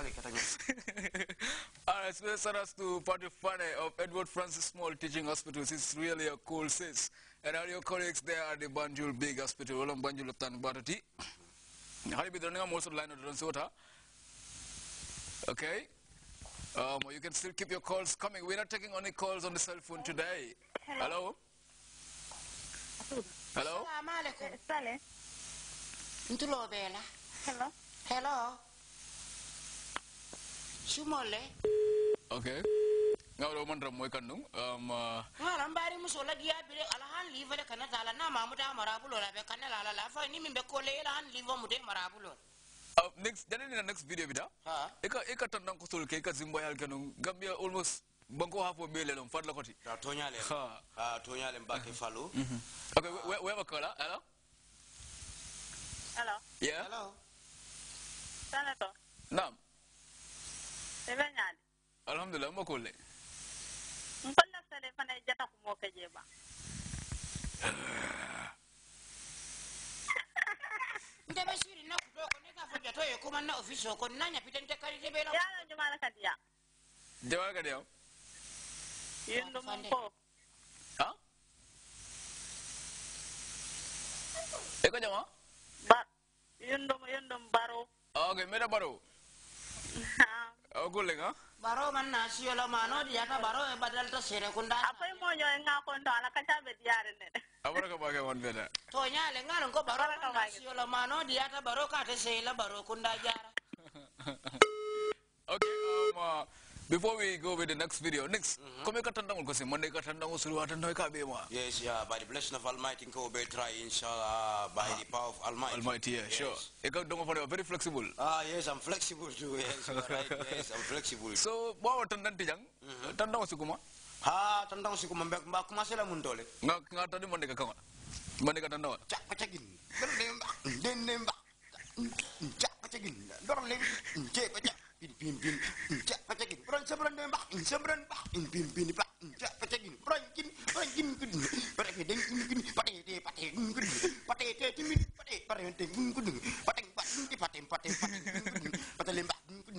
All right, so let's send us to Padre Fane of Edward Francis Small Teaching This It's really a cool sis. And all your colleagues there at the Banjul Big Hospital. Banjul of Tanbarati. How you running? I'm also line of Ronsota. Okay. Um, you can still keep your calls coming. We're not taking any calls on the cell phone today. Hello? Hello? Hello? Hello? Hello? sumolle ok ngawɗo mondiram moy kannum um, uh, waran mbari musola diyaɓire ala han livre de kana uh, tala na mamuda marabulol aɓe kanne lala la fay ni min ɓe kolle yela han livre mude marabulol next jananina next video bi da eka eka tan nan ko ke eka zimboyal almost banko ha fo ɓeele ɗon fadla koti ok weɓa kola alo alo yeah alo sanato la mokole mpolla sele fana jata ko mo kaje ba ndebe shiri na kudoko ne ka fobia to yekuma na official ko nanya pita nte kali tebe la yalo jumala kadia jumala kadia yendo mpo ha eko jama ba yendo yendo baro okay mera baro ha ogulenga baro man na siyolo ma no di yata baro e badal to sere kunda akoy mo yo nga ko ndo ala be diare ne abara ko bage won be da to nyale ngaro ko baro man na siyolo ma no di ka te sele baro kunda jara okay um uh, Before we go with the next video, next, mm-hmm. come here katandang kasi Monday katandang usuru atandang kabe Yes, yeah. By the blessing of Almighty, ko will try inshallah by the ah, power of Almighty. Almighty, yeah, sure. You sure. Ikaw dong pa very flexible. Ah yes, I'm flexible too. Yes, right. Yes, I'm flexible. So, bawa tandang tiyang, mm-hmm. tandang usukuma. Ha, ah, tandang usukuma. Mbak kumasela mundole. Nga nga tadi Monday kakang. Monday katandang. Cak, cakin. Then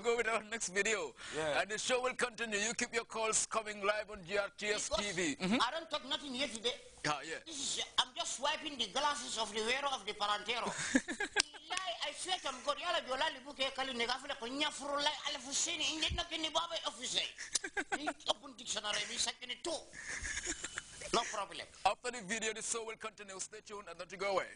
we go with our next video. Yeah. And the show will continue. You keep your calls coming live on GRTS because TV. Mm -hmm. I don't talk nothing here today. Ah, yeah. Is, I'm just wiping the glasses of the wearer of the Palantero. I swear to God, yala jola libu ke kali negafile kunya furula alfusini inje na kini baba office. Ni open dictionary ni sakini two. No problem. After the video, the show will continue. Stay tuned and not to go away.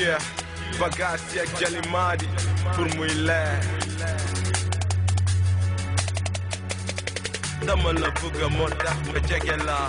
yeah bagage yeeg jalimaadi pour muy leer dama la bëgga moo tax ma jege laa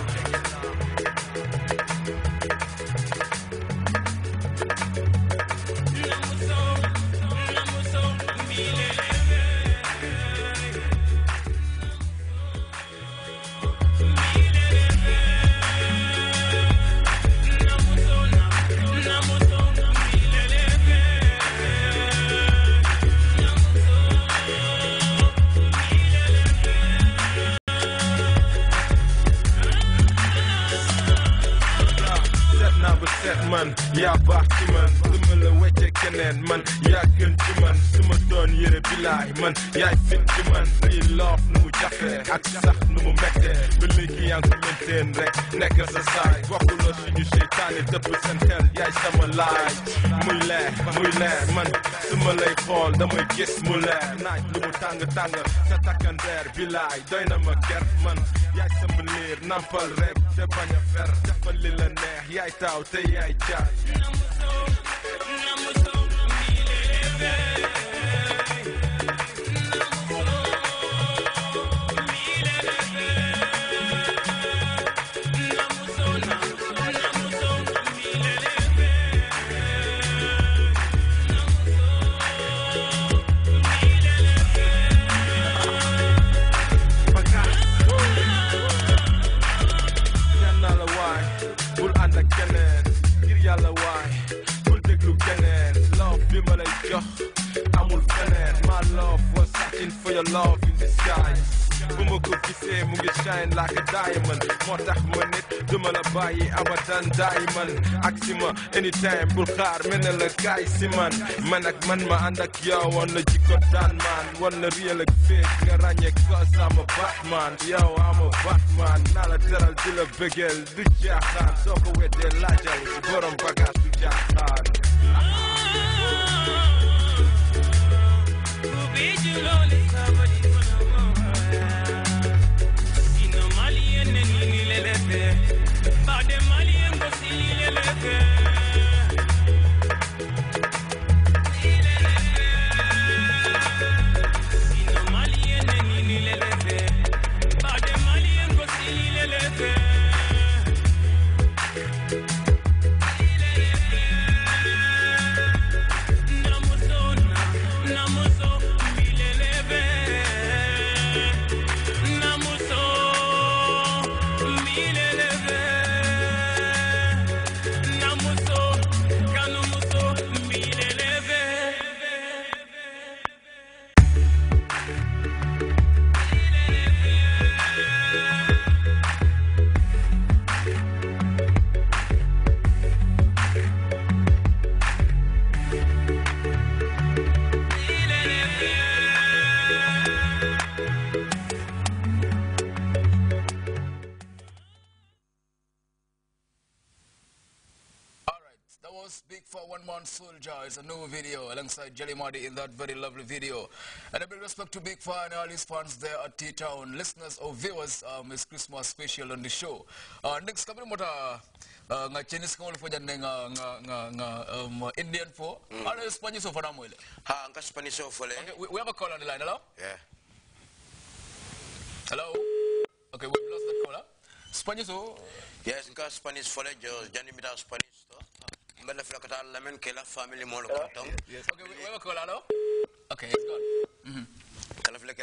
bu set man yaa baax man su ma la wecce keneen man yaa gën ci man su ma doon yére bilaay man yaay fit ci man lii loof nu mu jafe ak sax nu mu mette ba léegi yaa ngi mënteen rek nekk sa saay bokkula suñu dëpp seen yaay sama laay muy leer muy leer man su ma lay xool damay gis mu leer naaj lu mu tàng tàng sa takkandeer bilaay doy na ma ger man yaay sama liir nampal rek te a fer defal li neex yaay taaw Não ai, tchau. your love in the sky bu ma ko gisee mu ngi shine like a diamond moo tax ma nit duma la bàyyi abadan diamond ak si ma anytime bul xaar mel la kaay si man man ak man ma ànd ak yow woon la jikko daan man woon la real ak fake nga ràññee cause I'm a a Batman naa la teral di la bëggeel du jaaxaan soo ko weddee laajal borom bagage du jaaxaan Soldier is a new video alongside Jelly Marty in that very lovely video. And a big respect to Big Fire and all his fans there at T-Town. Listeners or viewers, um, it's Christmas special on the show. Uh, next, kabili mota uh, nga Chinese kong ulipo jande nga, nga, nga, nga um, Indian po. Mm. Ano yung Spanish ofo na mwile? Ha, nga Spanish ofo le. Eh. Okay, we, we have a call on the line, hello? Yeah. Hello? Okay, we've lost the caller. Spanish ofo? Yes, nga Spanish fo le, eh, Johnny Mita Spanish to mbele fula ka taa lamɛnni kɛla famili mɔlu kɔntɔn okay it's gone mm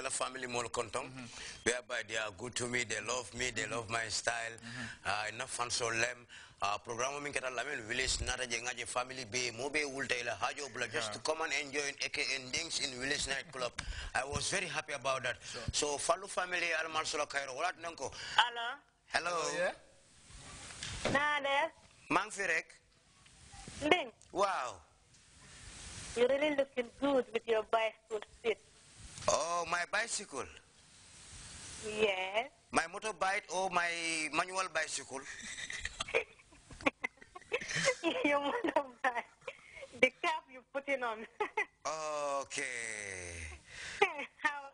family mol kontom, mm-hmm. whereby they are good to me, they love me, they love my style. Mm-hmm. Uh, enough fun so lem. Uh, program min kata lamin village nata je ngaje family be mobe ulta ila hajo bula just to come and enjoy in AK endings in village night club. I was very happy about that. So follow family al marsula kairo. Hello. Hello. Hello yeah. Nade. Mang Lynn. Wow. You're really looking good with your bicycle seat. Oh, my bicycle? Yes. My motorbike or my manual bicycle? your motorbike. The cap you're putting on. okay. How?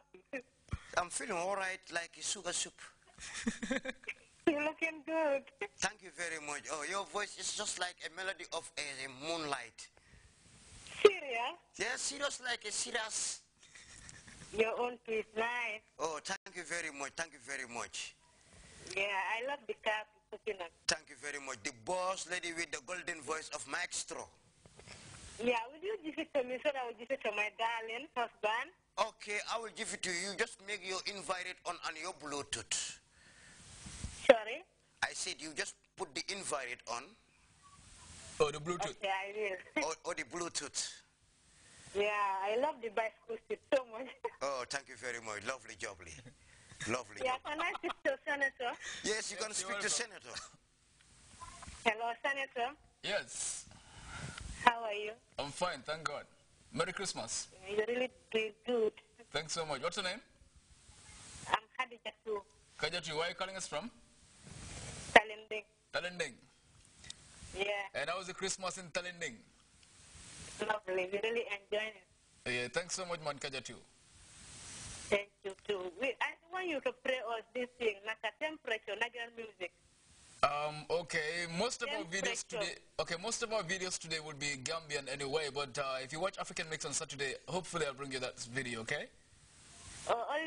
I'm feeling all right like a sugar soup. You're looking good. Thank you very much. Oh, your voice is just like a melody of a, a moonlight. Serious? Yeah, serious like a serious. Your own piece, nice. Oh, thank you very much. Thank you very much. Yeah, I love the cat. Thank you very much. The boss lady with the golden voice of Maestro. Yeah, will you give it to me so that I will give it to my darling husband? Okay, I will give it to you. Just make your invite on, on your Bluetooth you just put the infrared on. Or the Bluetooth. Okay, I will. or, or the Bluetooth. Yeah, I love the bicycle seat so much. Oh, thank you very much. Lovely jubbly. Lovely. Yeah, can I speak to Senator? Yes, you yes, can speak welcome. to Senator. Hello, Senator. Yes. How are you? I'm fine, thank God. Merry Christmas. You really did good. Thanks so much. What's your name? I'm Khadija too. Khadija, where are you calling us from? Talending. Yeah. And how was the Christmas in Talending? Lovely. We really enjoyed it. Yeah, thanks so much, Mankaja, too. Thank you, too. We, I want you to play us this thing, like a temperature, like a music. Um, okay, most of our videos today, okay, most of our videos today would be Gambian anyway, but uh, if you watch African Mix on Saturday, hopefully I'll bring you that video, okay? Uh,